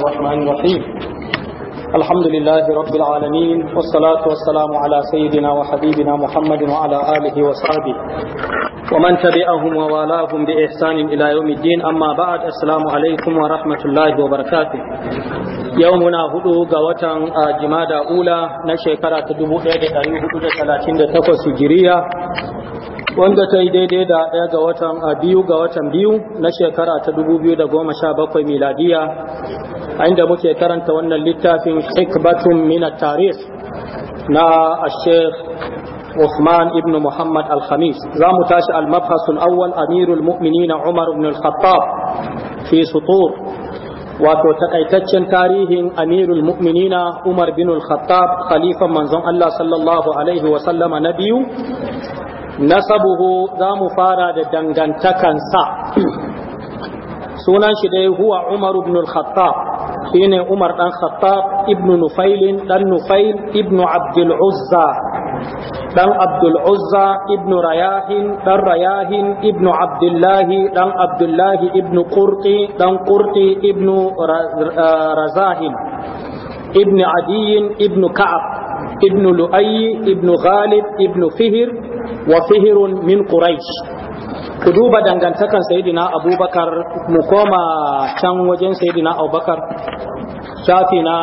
الرحمن الرحيم الحمد لله رب العالمين والصلاة والسلام على سيدنا وحبيبنا محمد وعلى آله وصحبه ومن تبعهم ووالاهم بإحسان إلى يوم الدين أما بعد السلام عليكم ورحمة الله وبركاته يومنا هدو قوة جمادة أولى نشكرة دبو إيدي أن هدو ثلاثين تقوى سجرية wanda ta yi daidai da ɗaya ga watan a biyu ga watan biyu na shekara ta dubu biyu da goma sha bakwai miladiya a inda muke karanta wannan littafin hikbatun mina tarih na ashek Uthman ibn Muhammad Al-Khamis za mu tashi al-mabhasul awwal amirul mu'minina Umar ibn al-Khattab fi sutur wato takaitaccen tarihin amirul mu'minina Umar bin al-Khattab khalifan manzon Allah sallallahu alaihi wa sallama na biyu nasabuhu za mu fara da dangantakansa sunan shi dai huwa umar ibn al-khattab shine umar dan khattab ibn nufail dan nufail ibn abdul uzza dan abdul uzza ibn rayahin dan rayahin ibn abdullah dan abdullah ibn qurti dan qurti ibn razahin ibn adiyin ibn ka'ab ibn lu'ay ibn ghalib ibn fihr wa fihirun min quraish ku duba dangantakan sayidina abubakar mu koma can wajen sayidina abubakar shafi na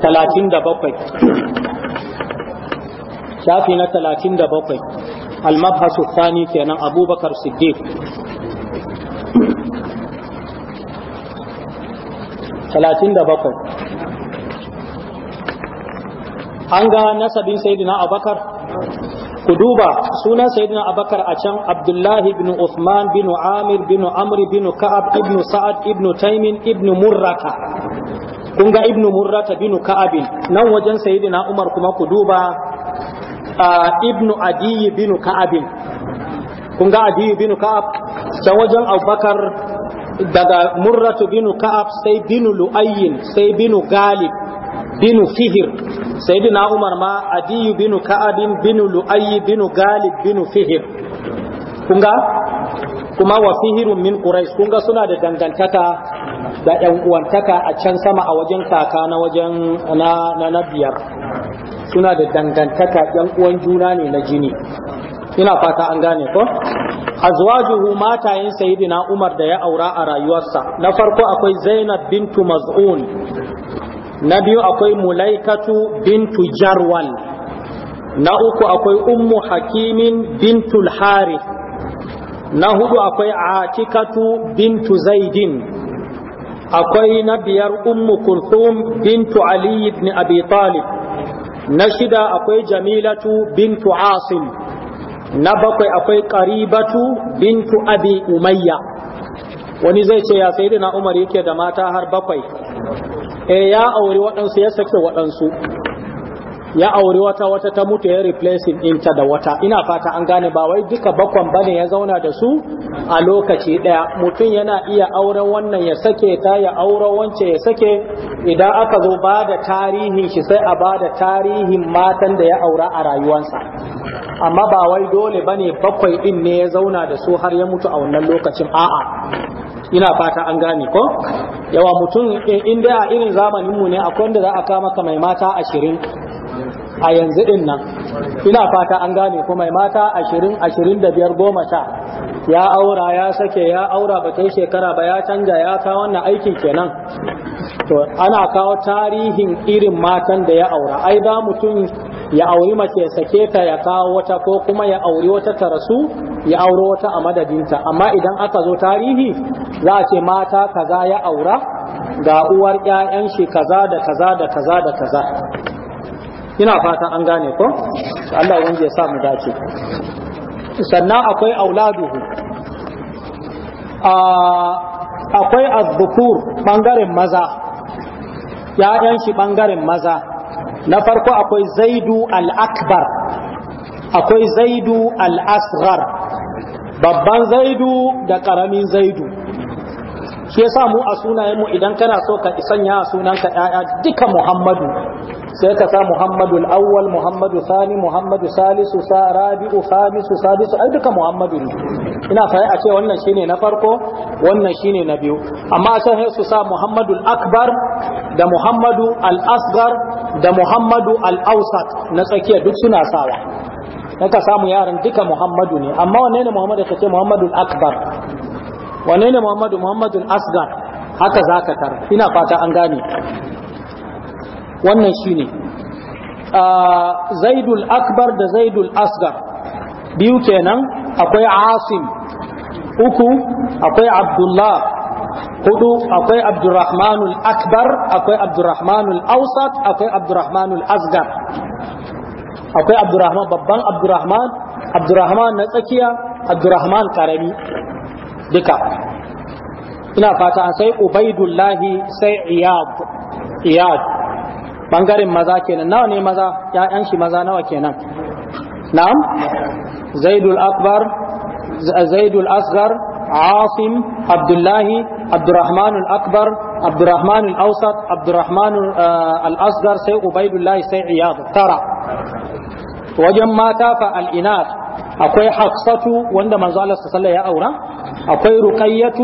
37 shafi na 37 almabhasu thani kenan abubakar siddiq 37 an ga nasabin sayidina abubakar ku duba sunan sayyidina abakar a can abdullahi bin usman bin amir bin amr bin ka'ab ibn sa'ad ibn taimin ibn murrata kun ga ibn murrata bin ka'ab nan wajen sayyidina umar kuma ku duba ibn adi bin ka'ab kun ga adi bin ka'ab can wajen Abakar daga murratu bin ka'ab sai bin lu'ayyin sai bin galib binu fihir sayyidina umar ma adiyu binu ka'abin binu lu'ayyi binu galib binu fihir kunga kuma wa fihirun min quraish kunga suna da dangantaka da yan uwantaka a can sama a wajen kaka na wajen na na, nabiya suna da dangantaka yan uwan juna ne na jini ina fata an gane ko azwajuhu matayen sayyidina Umar da ya aura a rayuwarsa na farko akwai Zainab bintu Maz'un na biyu akwai mulaikatu bintu jarwal na uku akwai ummu hakimin Bintu Lhari. na hudu akwai atikatu bintu zaidin akwai na biyar ummu kulthum bintu ali ibn abi talib na shida akwai jamilatu bintu asim na bakwai akwai qaribatu bintu abi umayya wani zai ce ya sai dina umar yake da mata har bakwai eh ya auri waɗansu ya sake waɗansu ya auri wata wata ta mutu ya replacing inta da wata ina fata an gane ba wai duka bakwan bane ya zauna da su a lokaci ɗaya mutum yana iya auren wannan ya sake ta ya auren wance ya sake idan aka zo ba da tarihin shi sai a ba da tarihin matan da ya aura a rayuwansa amma ba wai dole bane bakwai ɗin ne ya zauna da su har ya mutu a wannan lokacin a'a ina fata an gane ko yawa mutum in dai a irin zamanin mu ne akwai wanda za a kama ka mai mata ashirin a yanzu din nan ina fata an gane ko mai mata ashirin ashirin da biyar goma ya aura ya sake ya aura ba kai shekara ba ya canja ya ta wannan aikin kenan to ana kawo tarihin irin matan da ya aura ai za mutum ya auri mace ya sake ta ya kawo wata ko kuma ya auri wata ta rasu ya auro wata a madadinta amma idan aka zo tarihi za a ce mata kaza ya aura ga uwar ƴaƴan shi kaza da kaza da kaza da kaza ina fata an gane ko Allah wanda ya sa mu dace sannan akwai auladuhu akwai azbukur bangaren maza ƴaƴan shi bangaren maza na farko akwai zaidu al-akbar akwai zaidu al asrar babban zaidu da ƙaramin zaidu shi yasa mu a sunayenmu idan kana so ka sanya sunanka ƴaƴa duka muhammadu sai ka sa muhammadu al-awwal muhammadu sani muhammadu salisu sa rabi'u Salisu Salisu ai duka muhammadu ne ina faye a ce wannan shine na farko wannan shine na biyu amma a su sa muhammadu al-akbar da muhammadu al asrar da muhammadu al-ausat na tsakiya duk suna sawa na ka samu yaran duka muhammadu ne amma wanne ne muhammadu ka ce muhammadu akbar Wanne ne muhammadu muhammadu asgar haka za ka tar ina fata an gane wannan shi ne zaidul akbar da zaidul asgar biyu kenan akwai asim uku akwai abdullah هدو أقوي عبد الرحمن الأكبر أقوي عبد الرحمن الأوسط أقوي عبد الرحمن الأصغر أقوي عبد الرحمن ببان عبد الرحمن عبد الرحمن نسكيا عبد الرحمن كرمي دكا إنا فاتا سي عبيد الله سي عياد عياد بانغاري مزا كينا ناو ني مزا يا أنشي مزا ناو كينا نعم زيد الأكبر زيد الأصغر عاصم عبد الله عبد الرحمن الأكبر عبد الرحمن الأوسط عبد الرحمن الأصغر سي عبيد الله سي عياض ترى وجم ما كافى الإناث أكوي حفصة وند من زال صلى يا أورا أكوي رقية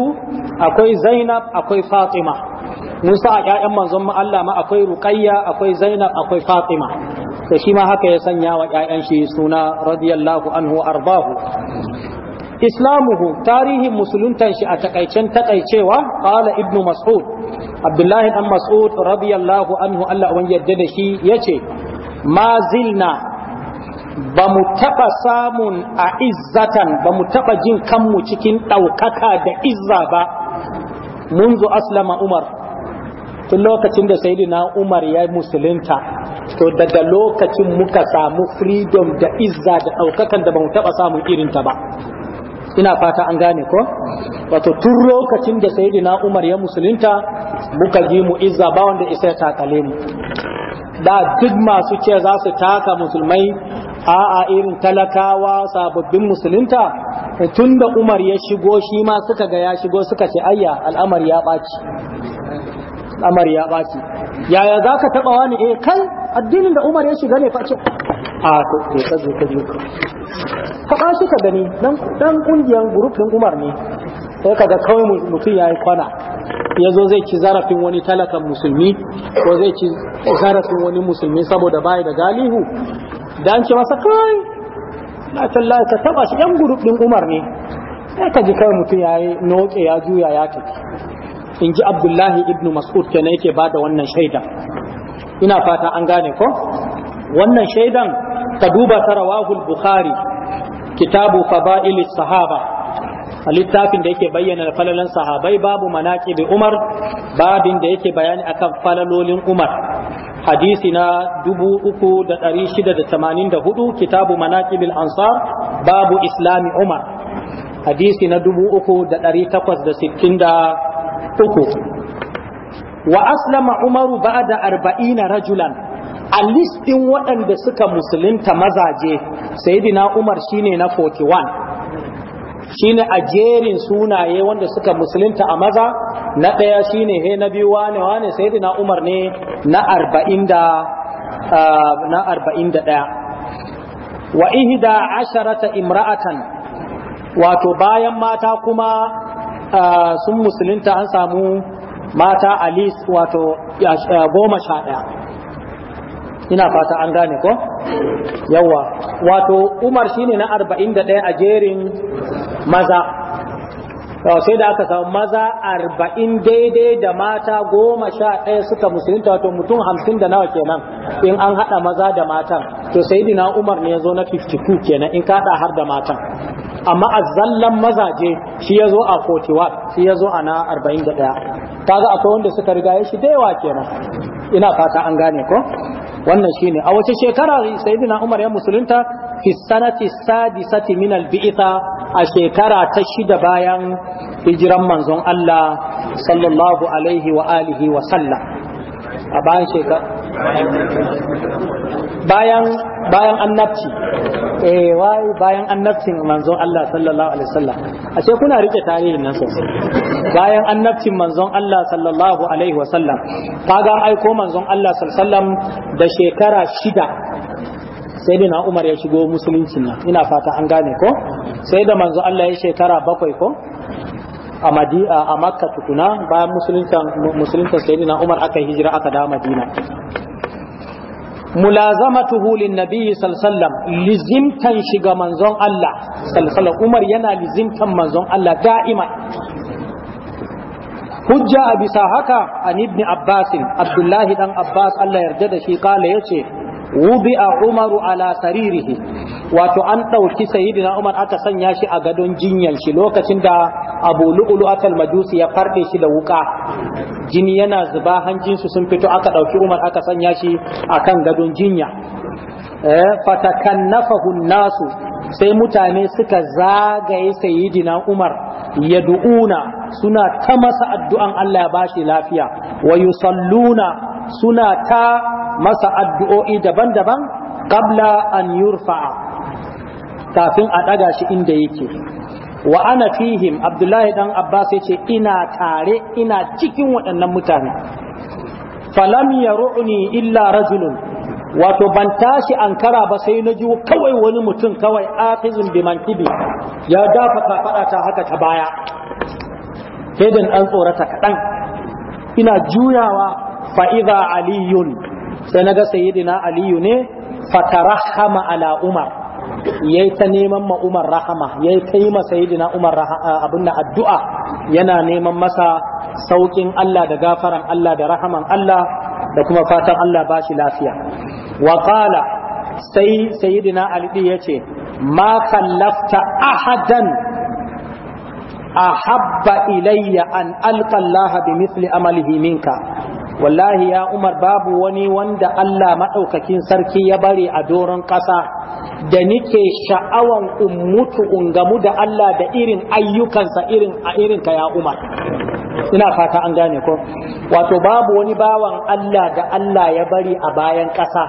أكوي زينب أكوي فاطمة Musa a ‘ya'yan manzon Allah ma akwai Ruqayya, akwai Zainab, akwai Fatima, to shi ma haka ya sanya wa ‘ya'yan shi suna radiyallahu anhu arbahu. islamuhu tarihin musuluntan shi a takaicen taƙaicewa qala Ibnu mas'ud abdullahi dan mas'ud radiyallahu anhu Allah wan yadda da shi yace ma zilna ba mu taba samun a izzatan ba mu taba jin kanmu cikin ɗaukaka da izza ba منذ aslama umar tun lokacin da sai na umar ya musulunta to daga lokacin muka samu firidom da izza da ɗaukakan da ba mu taɓa samun irinta ba ina fata an gane ko wato tun lokacin da sayyidina Umar ya musulunta muka ji mu izza ba wanda isa ya takale mu da duk masu ce za su taka musulmai a a irin talakawa sababbin musulunta tun da Umar ya shigo shi ma suka ga ya shigo suka ce ayya al'amari ya baci al'amar ya baci yaya za ka taɓa wani eh kai addinin da Umar ya shiga ne face a to ka zo ka zo faɗa suka gani dan ƙungiyar gurufin ɗin umar ne sai kaga kawai mutum ya yi kwana ya zo zai ci zarafin wani talakan musulmi ko zai ci zarafin wani musulmi saboda bayi da galihu da an ce masa kai na tallaye ka taba shi yan gurufin ɗin umar ne sai ka ji kawai mutum ya yi noke ya juya ya tafi in ji abdullahi ibn mas'ud kenan yake ba da wannan shaidan. ina fata an gane ko wannan shaidan ka duba ta rawahul bukhari kitabu fada'il sahaba a littafin da yake bayyana falalan sahabai babu Manaƙibi umar babin da yake bayani akan falalolin umar hadisi na 3684 kitabu manaqib ansar babu islami umar hadisi na 3863 wa aslama umaru da 40 rajulan a list ɗin waɗanda suka musulunta mazaje na umar shine na 41 shine a jerin sunaye wanda suka musulunta a maza na ɗaya shine he na biyu wane wane sai umar ne na 40 da ah, na 41 wa ihda asharata imra'atan wato bayan mata kuma ah, sun musulunta an samu mata a list wato ah, goma sha ɗaya ina fata an gane ko yawa wato umar shine na 41 a jerin maza sai da aka samu maza 40 daidai da mata 11 suka musulunta wato mutum 50 da nawa kenan in an hada maza da matan to sayyidina umar ne yazo na 52 kenan in ka hada har da matan amma zallan mazaje shi yazo a 41 shi yazo a na 41 kaga akwai wanda suka riga shi da yawa kenan ina fata an gane ko wannan shine a wace shekara sayyidina Umar ya musulunta fi sanati sadisati min al-bi'tha a shekara ta shida bayan hijiran manzon Allah sallallahu alaihi wa alihi wa sallam a bayan shekara bayan bayan annabci eh wai bayan annabcin manzon Allah sallallahu alaihi wasallam ashe kuna rike tarihin nan sosai bayan annabcin manzon Allah sallallahu alaihi wasallam kaga aiko manzon Allah sallallahu alaihi wasallam da shekara shida sai dai Umar ya shigo musuluncin na ina fata an gane ko sai da manzo Allah ya shekara bakwai ko a Makka tukuna bayan sai da sai Umar aka hijira aka da Madina Mulazama mulazamatuhu linnabi sallallahu lizimtan shiga manzon Allah sallallahu Umar yana lizimtan manzon Allah da'ima hujja a bisa haka an ibn Abbas Abdullahi dan Abbas Allah yarda da shi kala ce wubi a Umaru ala saririhi wato an ɗauki sayidina umar aka sanya shi a gadon jinyan shi lokacin da abu lu'ulu atal majusi ya farɗe shi da wuƙa. jini yana zuba hanjinsu sun fito aka ɗauki umar aka sanya shi a kan gadon jinya eh, fatakannafahun nasu sai mutane suka zagaye sayidina umar ya du'una suna ta masa addu'an Allah ya bashi lafiya wa yusalluna suna ta masa addu'o'i daban-daban qabla an yurfa'a kafin a ɗaga shi inda yake wa ana fihim abdullahi dan abbas yace ina tare ina cikin waɗannan mutane falam yaru'ni illa rajulun wato ban tashi ankara ba sai na ji kawai wani mutum kawai akhizun bi mankibi ya dafa fada ta haka ta baya sai dan an tsorata kadan ina juyawa fa idha aliyun sai naga sayyidina aliyu ne tarahama ala umar yayi ta neman ma Umar rahama yayi ta yi ma sayyidina Umar abin da addu'a yana neman masa saukin Allah da gafaran Allah da rahaman Allah da kuma fatan Allah ba shi lafiya wa qala sai sayyidina Ali yace ma kallafta ahadan ahabba ilayya an alqa Allah bi misli amalihi minka wallahi ya umar babu wani wanda Allah maɗaukakin sarki ya bari a doron ƙasa da nike sha'awan ummutu ungamu da Allah da irin ayyukansa irin a irin ka ya umar ina fata an gane ko wato babu wani bawan Allah da Allah ya bari a bayan ƙasa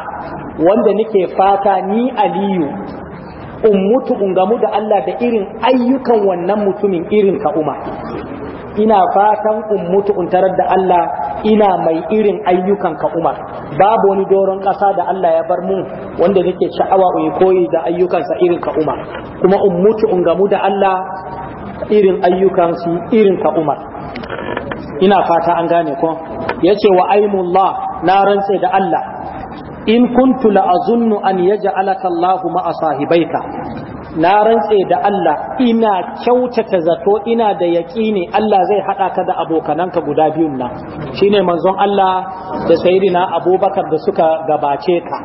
wanda nike fata ni aliyu ummutu ungamu da Allah da irin ayyukan wannan mutumin irin ka umar ina fatan in mutu in tarar da Allah ina mai irin ayyukan ka Umar babu wani doron ƙasa da Allah ya bar mu wanda nake sha'awa in koyi da ayyukansa irin ka Umar kuma in mutu in gamu da Allah irin ayyukan su irin ka Umar ina fata an gane ko yace wa aimullah na rantse da Allah in kuntu la azunnu an yaj'alaka Allahu ma'a sahibaika na rantse da Allah ina kyautata zato ina da yaƙini Allah zai haɗa ka da abokananka guda biyun nan shine manzon Allah da sayyidina Abubakar da suka gabace ka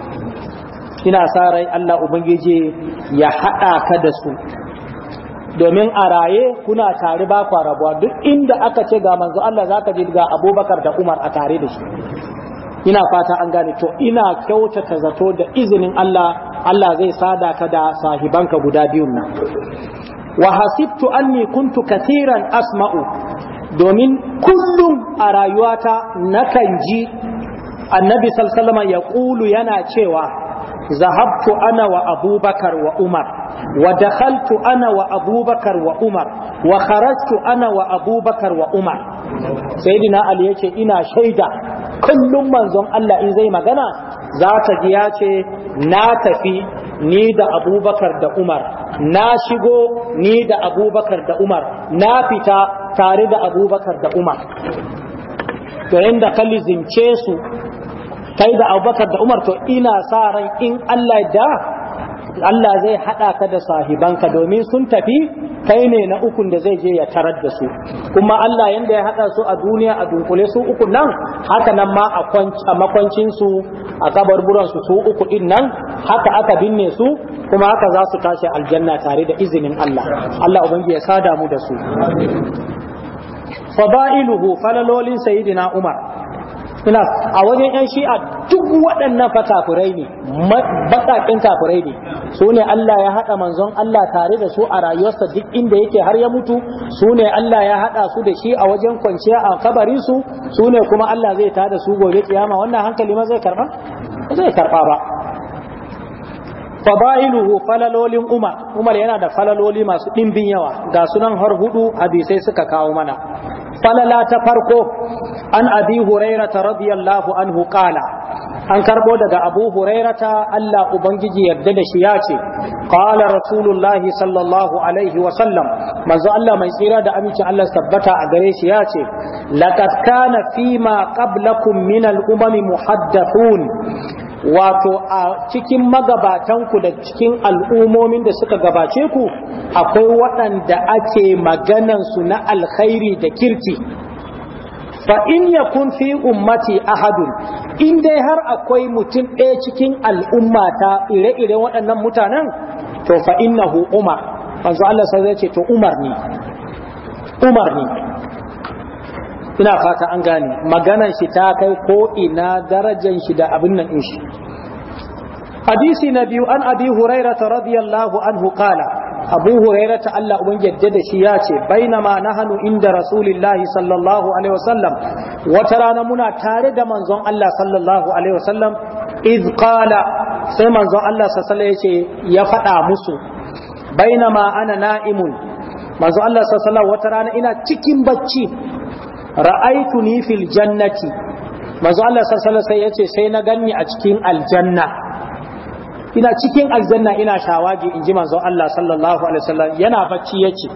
ina sa rai Allah ubangiji ya haɗa ka da su domin a raye kuna tare ba kwa rabuwa duk inda aka ce ga manzon Allah zaka ji ga Abubakar da Umar a tare da shi ina fata an gane to ina kyautata zato da izinin Allah Allah zai sada ka da sahibanka guda biyun nan wa hasibtu anni kuntu asma'u domin kullum a rayuwata nakan ji annabi sallama ya kulu yana cewa zahabtu ana wa abubakar wa umar wa dakhaltu ana wa abubakar wa umar wa kharajtu ana wa abubakar wa umar sayyidina ali yace ina shaida kullum manzon Allah in zai magana za ta ji ya ce na tafi ni da abubakar da umar na shigo ni da abubakar da umar na fita tare da abubakar da umar to yadda kalli zince su kai da abubakar da umar to ina sa ran in allah da Allah zai haɗa ka da sahibanka domin sun tafi kai ne na ukun da zai je ya tarar da su kuma Allah yanda ya haɗa su a duniya a dunkule su ukun nan haka nan ma a makwancin su a kabarburan su su uku din nan haka aka binne su kuma haka za su tashi aljanna tare da izinin Allah Allah ubangi ya sada mu da su fadailuhu falalolin sayyidina Umar ikhtilaf a wajen yan shi'a duk waɗannan fa ne baƙaƙin kafirai ne su ne Allah ya haɗa manzon Allah tare da su a rayuwarsa duk inda yake har ya mutu su ne Allah ya haɗa su da shi a wajen kwanciya a kabarinsu su su ne kuma Allah zai da su gobe kiyama wannan hankali ma zai karɓa zai karɓa ba fadailuhu falalolin umar umar yana da falaloli masu ɗimbin yawa ga sunan har hudu hadisai suka kawo mana falala ta farko an abi hurairata radiyallahu anhu qala an karbo daga abu hurairata Allah ubangiji yarda da shi ya ce qala rasulullahi sallallahu alaihi wa sallam manzo Allah mai tsira da aminci Allah tabbata a gare shi ya ce laqad kana fima qablakum min al-umam muhaddathun wato a cikin magabatan ku da cikin al'umomin da suka gabace ku akwai waɗanda ake maganan su na alkhairi da kirki fa in yakun fi ummati ahadun in dai har akwai mutum ɗaya cikin al'ummata ire-iren waɗannan mutanen to fa innahu umar manzo Allah sai zai ce to umar umar ne ina fata an gane maganan shi ta kai ko ina darajan shi da abin nan shi hadisi na biyu an abi hurairata radiyallahu anhu qala abu hurairata Allah uban yadda da shi ya ce bainama nahanu inda rasulillahi sallallahu alaihi wasallam wata rana muna tare da manzon Allah sallallahu alaihi wasallam iz qala sai manzon Allah sallallahu alaihi yace ya faɗa musu bainama ana na'imun manzon Allah sallallahu wata rana ina cikin bacci ra'aitu ni fil jannati manzo Allah sallallahu alaihi yace sai na ganni a cikin aljanna ina cikin aljanna ina shawagi inji manzo Allah sallallahu alaihi wasallam yana bacci yace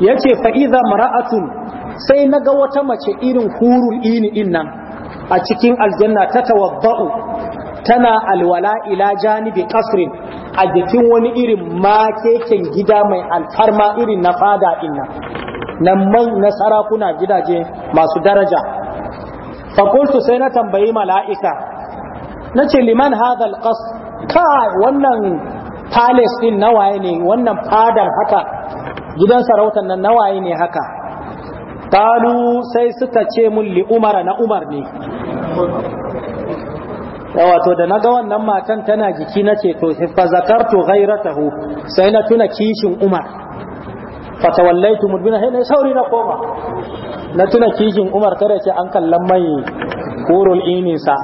yace fa idza mar'atun sai na ga wata mace irin hurul ini dinnan a cikin aljanna ta tawadda'u tana alwala ila janibi qasrin a jikin wani irin makeken gida mai alfarma irin na fada dinnan na kuna gidaje masu daraja fakultu sai na tambayi mala'ika na ce liman hadal kas ka wannan palace din nawaye ne wannan fadar haka gidan sarautar nan nawaye ne haka talu sai suka ce mun li umara na umar ne wato da na ga wannan matan tana jiki na ce to fa zakartu ghairatahu sai na tuna kishin umar fatawallaitu mudbina sai na sauri na koma na tuna kishin Umar kada ce an kallan mai kurul inisa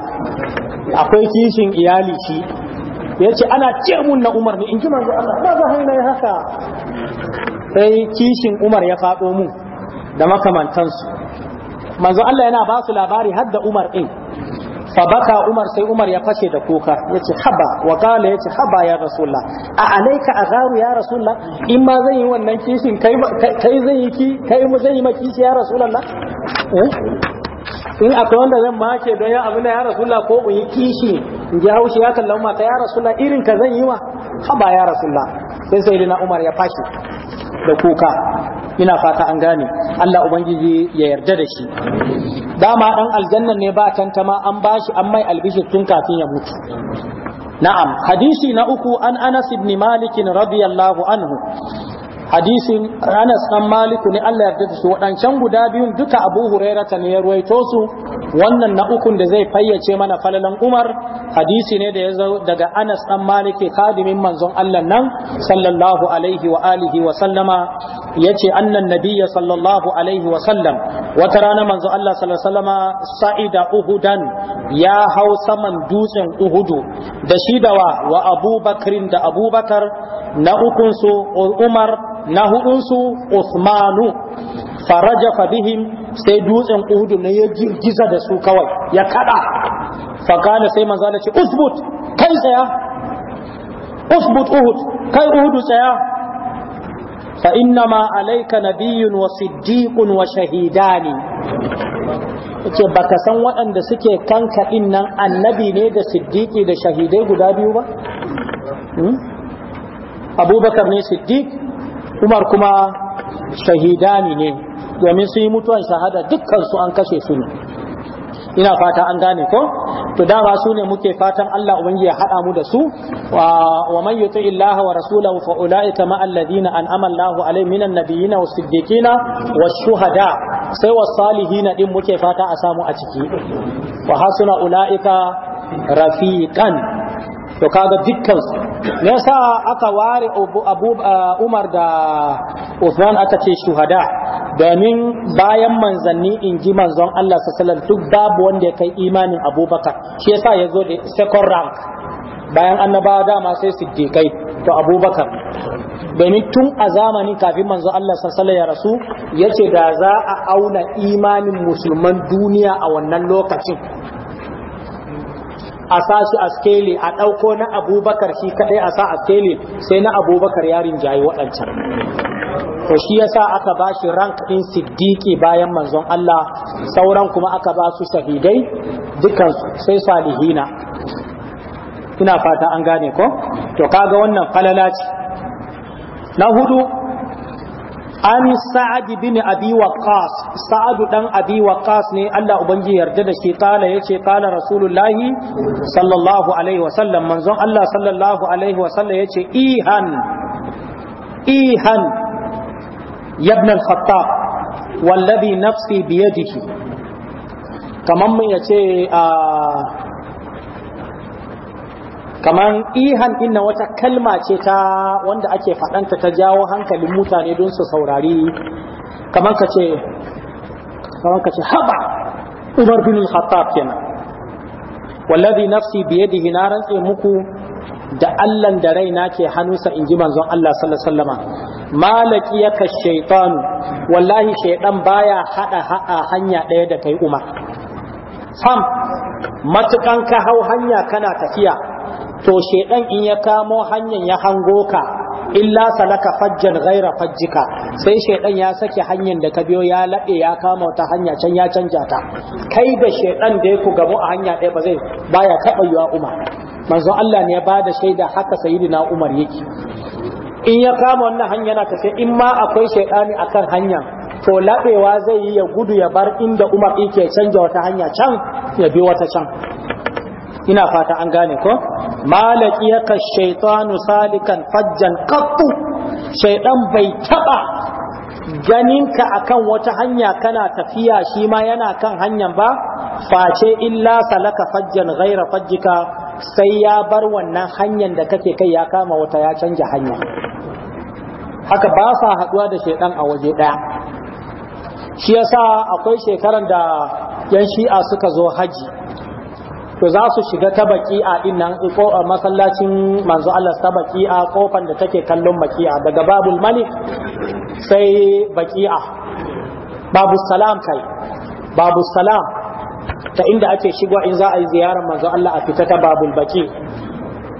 akwai kishin iyali shi yace ana ce mun na Umar ne in ji manzo Allah ba za haina ya haka sai kishin Umar ya fado mu da makamantansu manzo Allah yana ba su labari har da Umar din fabaka umar sai umar ya fashe da kuka ya ce haba wa kala ya ce haba ya rasulullah a alaika a garu ya rasulullah in ma zai yi wannan kishin kai zai yi ki kai mu zai yi ma kishi ya rasulullah eh? in akwai wanda zan make don ya abin da ya rasulullah ko in yi kishi in ji haushi ya kallon mata ya rasulullah irin ka zan yi ma haba ya rasulullah sai sai na umar ya fashe da kuka ina fata an gane Allah ubangiji ya yarda da shi dama 'ɗan aljanna ne ba tantama an bashi an mai albishir tun kafin ya mutu na'am hadisi na uku an Anas ibn Malik radiyallahu anhu hadisin Anas dan maliku ne Allah ya yarda shi wadancan guda biyun duka Abu Huraira ta ne ya ruwaito su wannan na ukun da zai fayyace mana falalan Umar hadisi ne da ya zo daga Anas dan maliki khadimin manzon Allah nan sallallahu alaihi wa alihi wa sallama yace annan nabiyya sallallahu alaihi wa sallam wata rana manzon Allah sallallahu alaihi wa sallama sa'ida Uhudan ya hau saman dutsen Uhudu da shi wa Abu Bakrin da Abubakar na ukunsu Umar na hudunsu Usmanu faraja fabihim sai dutsen Uhudu ne ya girgiza da su kawai ya kada kana sai manzo Allah ce usbut kai tsaya usbut Uhud kai Uhudu tsaya fa inna ma alayka nabiyyun wa siddiqun wa shahidani yace baka san waɗanda suke kanka din nan annabi ne da siddiqi da shahidai guda biyu ba hmm? Abubakar ne siddiq umar kuma shahidani ne domin sun yi mutuwan shahada dukkansu an kashe su ne ina fata an gane ko to dama su ne muke fatan Allah ubangiji ya hada mu da su wa man yuti illaha wa rasulahu fa ulaika ma alladhina an'ama Allahu alaihim minan nabiyina was-siddiqina wash-shuhada sai was-salihina din muke fata a samu a ciki wa hasuna ulaika rafiqan to kaga dukkan ne yasa aka ware abu eh, Umar da Uthman aka ce shuhada domin bayan manzanni in ji manzon Allah sallallahu duk babu wanda ya kai imanin Abubakar shi yasa zo da second rank bayan annaba dama sai siddiqai to Abubakar domin tun a zamanin kafin manzon Allah sallallahu ya rasu ya ce da za a auna imanin musulman duniya a wannan lokacin a sa shi a skeli a ɗauko na abubakar shi kaɗai a sa a skele sai na abubakar yarin jayi waɗancan to shi ya sa aka ba shi rank ɗin siddiki bayan manzon Allah sauran kuma aka ba su shahidai dukansu sai salihina ina fata an gane ko to kaga wannan falala ce na hudu an sa'ad bin abi waqas sa'ad dan abi waqas ne Allah ubangi yarda da shi kala yace kala rasulullahi sallallahu alaihi wa wasallam manzon Allah sallallahu alaihi wa sallam yace ihan ihan yabna al-khattab wallazi nafsi biyadihi kaman mun yace a ah, kamar ihan inna wata kalma ce ta wanda ake faɗanta ta jawo hankalin mutane don su saurari kamar ka ce kamar ka ce haba umar bin al-khattab kenan wallazi nafsi biyadihi na rantse muku da Allah da rai na ke hannunsa inji manzon Allah sallallahu alaihi wasallama malaki yaka shaytan wallahi shaydan baya hada a hanya ɗaya da kai umar sam matukan ka hau hanya kana tafiya to shedan in ya kamo hanyar ya hango ka illa salaka fajjan ghaira fajjika sai shedan ya sake hanyar da ka biyo ya laɓe ya kama wata hanya can ya canja ta kai da shedan da ku gamu a hanya ɗaya ba zai baya taba yiwa umar manzon Allah ne ya bada shaida haka sayyidina umar yake in ya kama wannan hanya na sai in ma akwai shedani akan hanya to laɓewa zai yi ya gudu ya bar inda umar yake canja wata hanya can ya bi wata can ina fata an gane ko malaki ka shaitanu salikan fajjan qattu Shaidan bai taba ganinka akan wata hanya kana tafiya shi ma yana kan hanyar ba face illa salaka fajjan ghaira fajjika sai ya bar wannan hanyar da kake kai ya kama wata ya canja hanya haka ba sa haduwa da shaidan a waje daya shi yasa akwai shekaran da yan shi'a suka zo haji to za su shiga ta baki'a din a masallacin manzo Allah ta baki'a kofan da take kallon baki'a daga babul malik sai baki'a babu salam kai babu salam ta inda ake shigo in za a yi ziyarar manzo Allah a fita ta babul baki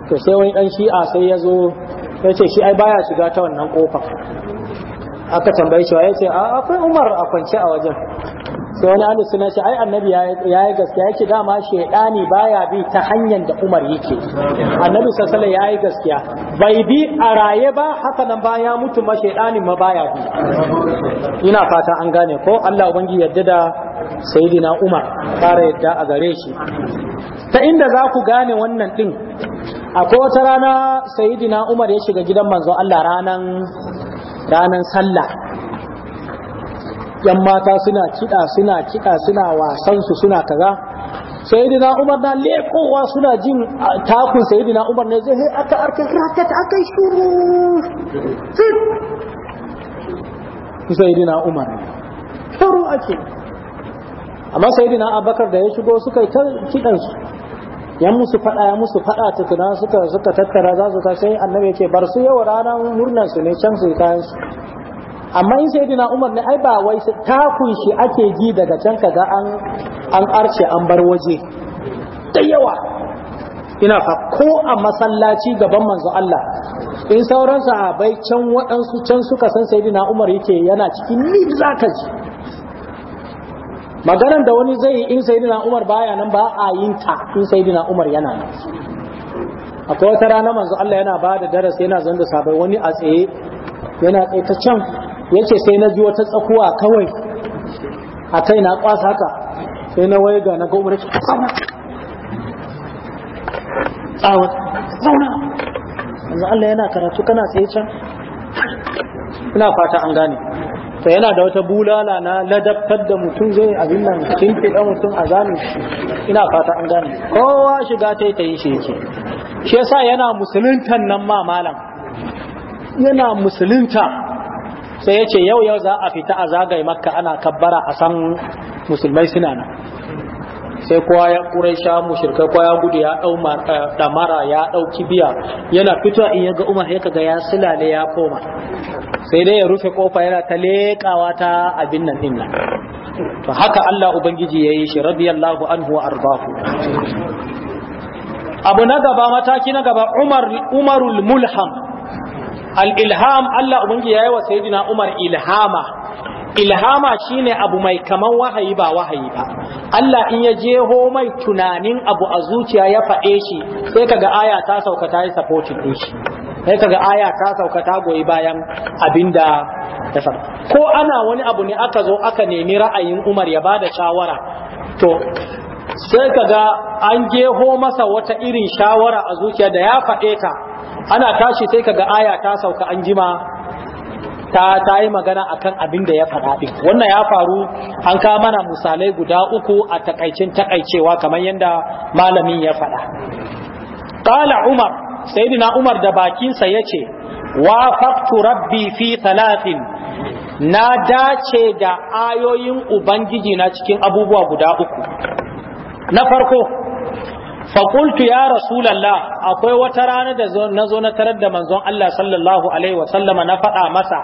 to sai wani dan shi'a sai ya zo ya ce shi ai baya shiga ta wannan kofar aka tambaye shi ya ce a akwai umar a kwance a wajen sai wani ahlus sunna ce ai annabi ya yayi gaskiya yake dama shedani baya bi ta hanyar da Umar yake annabi sallallahu alaihi yi gaskiya bai bi a raye ba haka nan baya mutu ma shedani ma baya bi ina fata an gane ko Allah ubangi yadda da sayyidina Umar fara yadda a gare shi ta inda za ku gane wannan din akwai wata rana sayyidina Umar ya shiga gidan manzon Allah ranan ranan sallah yan mata suna kiɗa suna kiɗa suna wasan su suna kaza sayyidina umar na lekowa suna jin takun sayyidina umar ne zai aka arka rakat aka shuru sayyidina umar shuru ake amma sayyidina abakar da ya shigo suka ta su yan musu faɗa ya musu faɗa tukuna suka suka tattara za su ka sai annabi yake bar su yau ranar murnarsu su ne can su kayan su amma in sai dina umar ne ai ba wai takun shi ake ji daga can kaga an an arce an bar waje da yawa ina fa ko a masallaci gaban manzo Allah in sauran sahabbai can waɗansu can suka san dina Umar yake yana cikin ni zaka ji maganar da wani zai yi in dina Umar baya nan ba a yin ta in dina Umar yana nan akwai wata rana manzo Allah yana ba da darasi yana zanda sahabbai wani a tsaye yana tsaye ta can yace sai na ji wata tsakuwa kawai a kai na kwasa haka sai na ga na gomar ki zauna tsawon zauna yanzu Allah yana karatu kana sai can ina fata an gane to yana da wata bulala na ladabtar da mutum zai abin nan cikin fiɗa mutum a zamin ina fata an gane kowa shiga ta yi ta yi shi yake shi yasa yana musuluntan nan ma malam yana musulunta sai ya ce yau yau za a fita a zagaye makka ana kabbara a san musulmai suna nan sai kowa ya ƙurai sha mushirkai kowa ya gudu ya ɗau eh, ya ɗau kibiya yana fitowa in ya ga umar ya kaga ya silale ya koma sai dai ya rufe kofa yana ta lekawa ta abin nan din nan to haka Allah Ubangiji ya yi shi radiyallahu anhu wa arbahu abu na gaba mataki na gaba Umar umarul mulham al-ilham Allah ubangi yi wa sayyidina Umar ilhama ilhama shine abu mai kaman wahayi ba wahayi ba Allah in ya jeho mai tunanin abu a zuciya ya faɗe shi sai kaga aya ta saukata ta yi shi sai kaga aya ta goyi bayan abinda ko ana wani abu ne aka zo aka nemi ra'ayin Umar ya bada shawara to sai kaga an jeho masa wata irin shawara a zuciya da ya faɗe ka ana tashi sai kaga aya ta sauka an jima ta ta yi magana akan abin da ya faɗa ɗin wannan ya faru an ka mana misalai guda uku a takaicin takaicewa kamar yadda malamin ya faɗa qala umar sayyidina umar da bakinsa yace faqtu rabbi fi talatin na dace da ayoyin ubangiji na cikin abubuwa guda uku na farko faƙultu ya rasulallah akwai wata rana da na zo na tarar da manzon Allah sallallahu alaihi wasallama na faɗa masa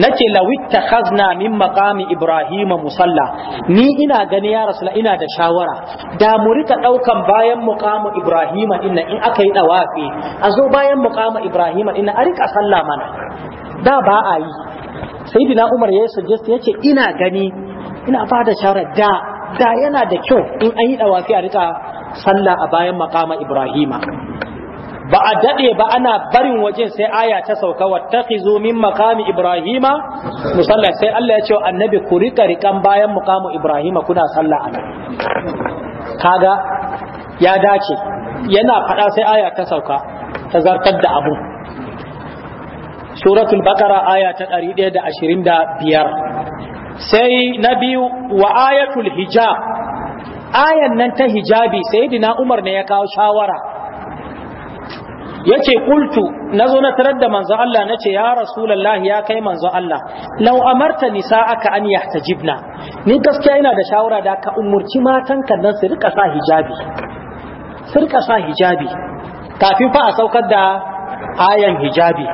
na ce lawitta khazna min maqami ibrahima musalla ni ina gani ya rasula ina da shawara da mu rika ɗaukan bayan muqamu ibrahima inna in aka yi ɗawafi a zo bayan muqamu ibrahima inna a rika sallah mana da ba a yi sayyidina umar ya suggest yace ina gani ina ba da shawara da da yana da kyau in an yi ɗawafi a rika sallah a bayan makama ibrahima ba a daɗe ba ana barin wajen sai aya ta sauka wata min makami ibrahima musalla sai Allah ya ce wa annabi ku rika rikan bayan makamu ibrahima kuna sallah anan kaga ya dace yana faɗa sai aya ta sauka ta zartar da abu suratul bakara aya ta biyar sai na biyu wa ayatul hijab ayan nan ta hijabi sayyidina Umar ne ya kawo shawara yace qultu nazo na tarar da manzo Allah nace ya rasulullahi ya kai manzo Allah law amarta nisa'aka an yahtajibna ni gaskiya ina da shawara da ka umurci ka nan su rika sa hijabi su rika sa hijabi kafin fa a saukar da ayan hijabi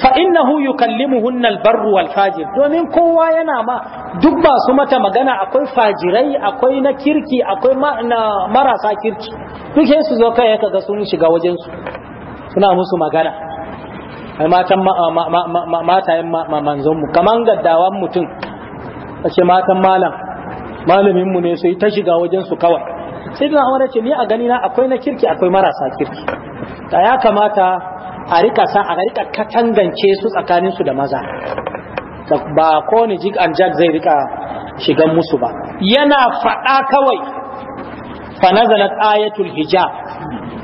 fa innahu yukallimuhunna albarru wal fajir domin kowa yana ma duk ba su mata magana akwai fajirai akwai na kirki akwai marasa kirki duk su zo kai kaga sun shiga wajen su suna musu magana matan matayen manzon mu kaman gaddawan mutum a ce matan malam malamin mu ne sai ta shiga wajen su kawai sai da amara ce ni a gani na akwai na kirki akwai marasa kirki da ya kamata a rika sa a rika katangance su tsakanin su da maza ba ko ni jig and jack zai rika shigan musu ba yana faɗa kawai fa nazalat ayatul hijab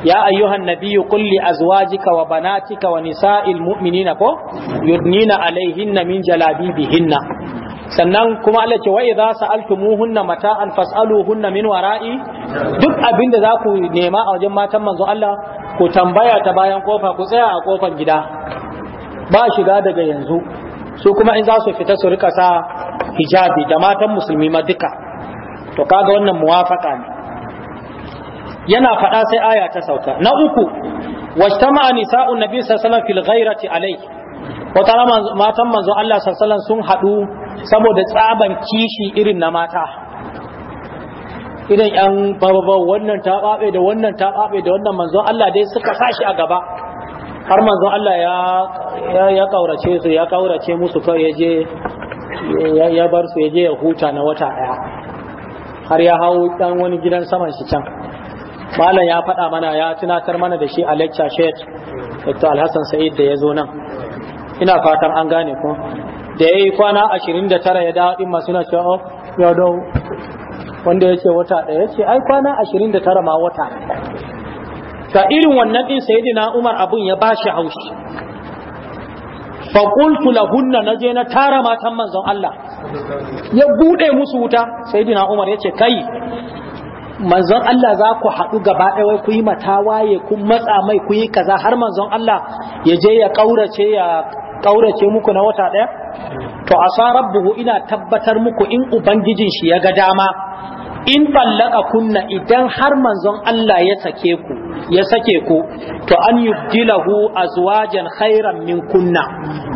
ya ayyuhan nabiyyu qul li azwajika wa banatika wa nisa'il mu'minina ko yudnina alaihinna min jalabibihinna sannan kuma Allah ce wa idza sa'altumuhunna mata'an fas'aluhunna min wara'i duk abinda za ku nema a wajen matan manzo Allah ku tambaya ta bayan kofa ku tsaya a kofar gida ba shiga daga yanzu su kuma in za su fita su rika sa hijabi da matan musulmi ma duka to kaga wannan muwafaka ne yana faɗa sai aya ta sauka na uku wajtama'a nisa'un nabi sallallahu alaihi wasallam fil ghairati wata matan manzo Allah sallallahu sun haɗu saboda tsaban kishi irin na mata idan yan bababa wannan ta babe da wannan ta babe da wannan manzon Allah dai suka sashi a gaba har manzon Allah ya ya kaurace su ya kaurace musu kai ya je ya bar su ya je ya huta na wata ɗaya. har ya hau dan wani gidan saman shi can malam ya faɗa mana ya tunatar mana da shi a lecture shed Dr. Alhassan Sa'id da ya zo nan ina fatan an gane ko da yayi kwana 29 ya dawo din masu na cewa oh, ya dawo wanda ya ce wata ɗaya ce ai kwana ashirin da tara ma wata ta irin wannan ɗin na umar abun ya ba shi haushi faƙultu lahunna na je na tara matan manzon Allah ya buɗe musu wuta sayidina umar yace kai manzon Allah za ku haɗu gaba ɗaya ku yi waye kun matsa mai ku yi kaza har manzon Allah ya je ya ƙaurace ya ƙaurace muku na wata ɗaya to asa rabbuhu ina tabbatar muku in ubangijin shi ya ga dama in fallaka kunna idan har manzon Allah ya sake ku ya sake ku to an yubdilahu azwajan khairan min kunna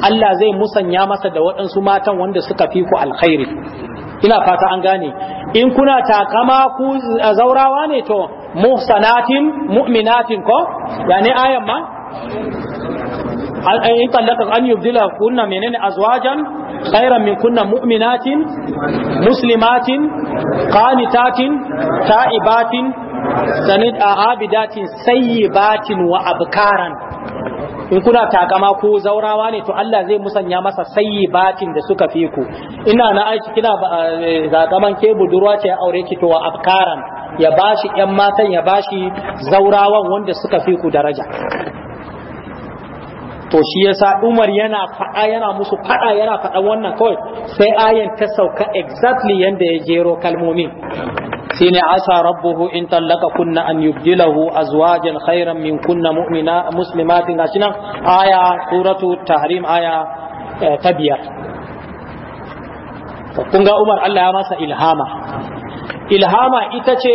Allah zai musanya masa da waɗansu matan wanda suka fi ku alkhairi ina fata an gane in kuna takama ku zaurawa ne to muhsanatin mu'minatin ko yani ayan an kunna menene azwajan خيرا من كنا مؤمنات مسلمات qanitatin ta'ibatin sanid عابدات سيبات wa in kuna takama ko zaurawa ne to Allah zai musanya masa batin da suka fi ku ina na aiki kina eh, zagaman ke budurwa ce aure ki to wa abkaran ya bashi yan matan ya bashi zaurawan wanda suka fi ku daraja to shi yasa Umar yana faɗa yana musu faɗa yana faɗa wannan kawai sai ayan ta sauka exactly yanda ya jero kalmomin shine asa rabbuhu in tallaka kunna an yubdilahu azwajan khairan min kunna mu'mina muslimatin gashi nan aya suratu tahrim aya eh, ta biyar kun ga Umar Allah ya masa ilhama ilhama ita ce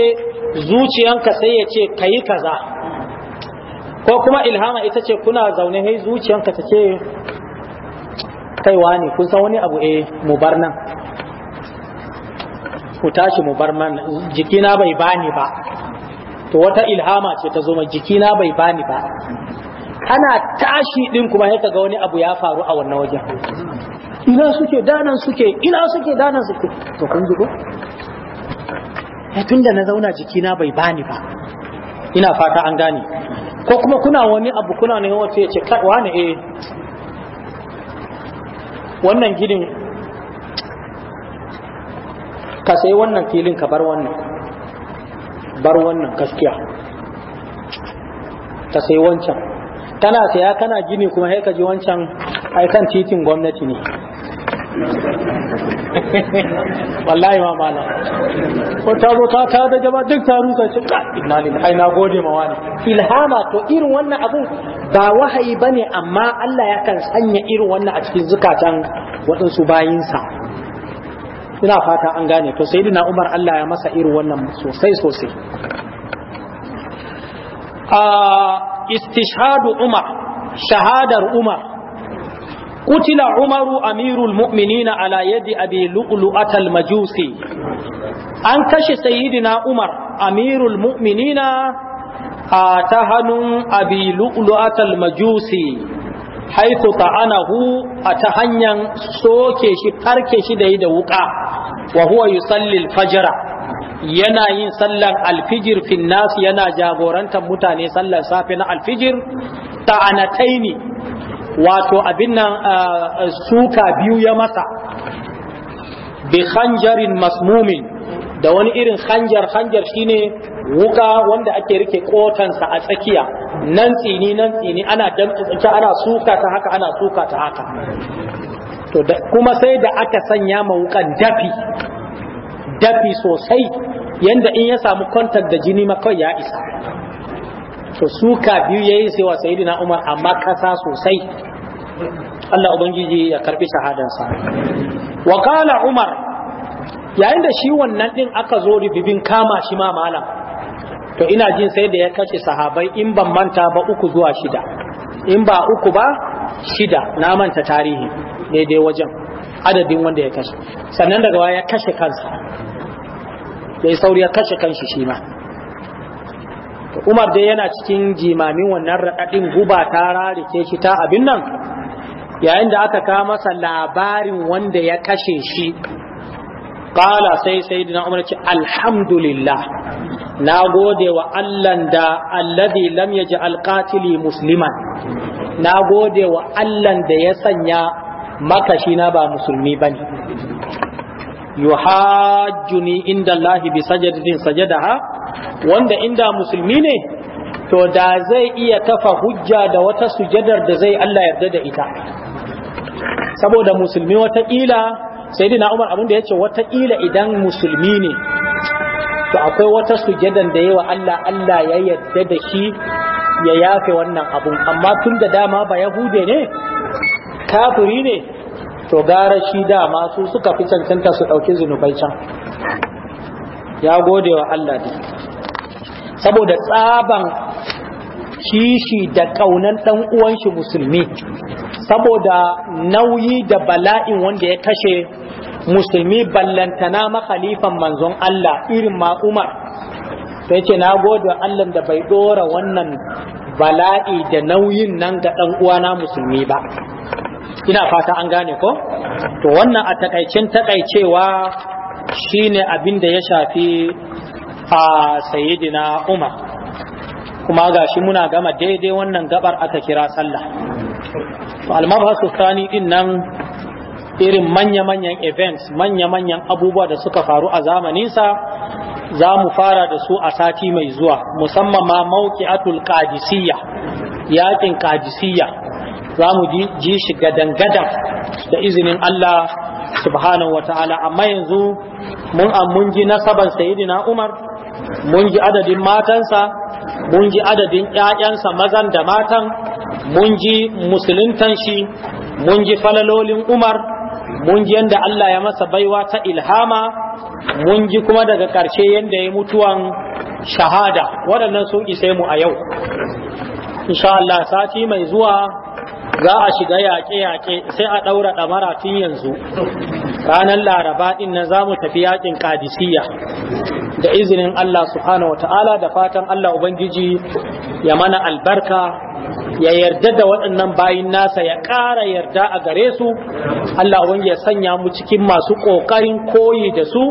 zuciyanka sai ya ce kayi kaza ko kuma ilhama ita ce kuna zaune hai zuciyanka ta ce kaiwa ne kun san wani abu eh mu bar nan ku tashi mu bar man jikina bai bani ba to wata ilhama ce ta zo ma jikina bai bani ba ana tashi din kuma sai kaga wani abu ya faru a wannan wajen ina suke danan suke ina suke danan suke to kun ji ko eh, tunda na zauna jikina bai bani ba ina fata an gane ko kuma kuna wani abu kuna ne wata ya ce wani eh wannan gidin ka sai wannan filin ka bar wannan bar wannan gaskiya ka sai wancan kana saya kana gini kuma haika ji wancan aikan titin gwamnati ne wallahi ma mala ko ta zo ta ta da jama'a duk ta rusa ce inna lillahi na gode ma wani ilhama to irin wannan abun ba wahayi bane amma Allah ya kan sanya irin wannan a cikin zukatan waɗansu bayinsa ina fata an gane to sayyidina Umar Allah ya masa irin wannan sosai sosai a ah, istishhadu Umar shahadar Umar kutila umaru amirul mu'minina ala yadi abi lu'lu'at al-majusi an kashe sayyidina umar amirul mu'minina a ta hannun abi lu'lu'at al-majusi haifu ta'anahu a ta hanyar soke shi karke shi da yi da wuka wa huwa yusalli al yana yin sallar alfijir fin yana jagorantar mutane sallar safe na alfijir ta'anataini wato abin nan suka biyu ya masa bi khanjarin masmumin da wani irin hanjar hanjar shine wuka wanda ake rike kotansa a tsakiya nan tsini nan tsini ana ana suka ta haka ana suka ta haka to kuma sai da aka sanya ma wukan dafi dafi sosai yanda in ya samu contact da jini ma kawai ya isa to suka biyu yayi sai wa sayyidina Umar amma kasa sosai Allah ubangiji ya karbi sa wa qala Umar yayin da shi wannan din aka zo ribibin kama shi ma malam to ina jin sai da ya kace sahabai in ban manta ba uku zuwa shida in ba uku ba shida na manta tarihi daidai wajen adadin wanda ya kashe sannan daga ya kashe kansa ya sauri ya kashe kanshi shi ma umar dai yana cikin jimamin wannan raɗaɗin guba ta rarike shi ta abin nan yayin da aka kawo masa labarin wanda ya kashe shi ƙala sai sai dina umar ce alhamdulillah na gode wa allan da alladi lam yaji alƙatili musulman. na gode wa allan da ya sanya makashi na ba musulmi bane yuhajjuni inda Allah bi sajadatin sajadaha wanda inda musulmi ne to da zai iya kafa hujja da wata sujadar da zai Allah yarda da ita saboda musulmi wataƙila sayyidina Umar abin da yace wataƙila idan musulmi ne to akwai wata sujadan da yawa Allah Allah ya yarda da shi ya yafe wannan abun amma tun da dama ba yahude ne kafiri ne to gara shi dama su suka fi cancanta su ɗauki zunubai can ya gode wa Allah da saboda tsaban kishi da ƙaunan ɗan uwan shi musulmi saboda nauyi da bala'in wanda ya kashe musulmi ballantana khalifan manzon Allah irin ma Umar to yace na gode wa Allah da bai dora wannan bala'i da nauyin nan ga ɗan uwana musulmi ba ina fata an gane ko to wannan a takaicin takaicewa shine abin da ya shafi a sayidina umar kuma gashi muna gama daidai wannan gabar aka kira sallah to almabhasu thani din nan irin manya-manyan events manya-manyan abubuwa da suka faru a zamaninsa za mu fara da su a sati mai zuwa musamman ma mauki atul yaƙin yakin kadisiyya za mu ji shi gadan-gadan da izinin Allah subhanahu wa ta'ala amma yanzu mun mun ji nasaban sayidina Umar mun ji adadin matansa mun ji adadin 'ya'yansa mazan da matan mun ji musuluntan shi mun ji falalolin Umar mun ji yadda Allah ya masa baiwa ta ilhama mun ji kuma daga ƙarshe yadda ya mutuwan shahada waɗannan sun isa mu a yau insha Allah sati mai zuwa za a shiga yaƙe-yaƙe sai a ɗaura ɗamara tun yanzu ranar laraba ɗin nan za mu tafi yaƙin ƙadisiyya da izinin Allah subhanahu wa ta'ala da fatan Allah Ubangiji ya mana albarka ya yarda da waɗannan bayin nasa ya ƙara yarda a gare su Allah wani ya sanya mu cikin masu ƙoƙarin koyi da su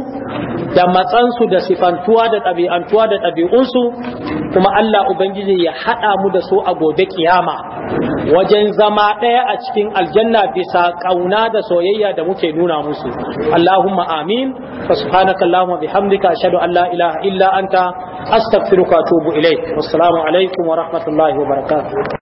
da matsansu da sifantuwa da ɗabi'antuwa da ɗabi'unsu kuma Allah Ubangiji ya haɗa mu da su a gobe kiyama wajen zama ɗaya a cikin aljanna bisa ƙauna da soyayya da muke nuna musu Allahumma amin fa subhanaka Allahumma bihamdika ashhadu an la ilaha illa anta astaghfiruka wa atubu ilayk wassalamu alaikum wa rahmatullahi wa barakatuh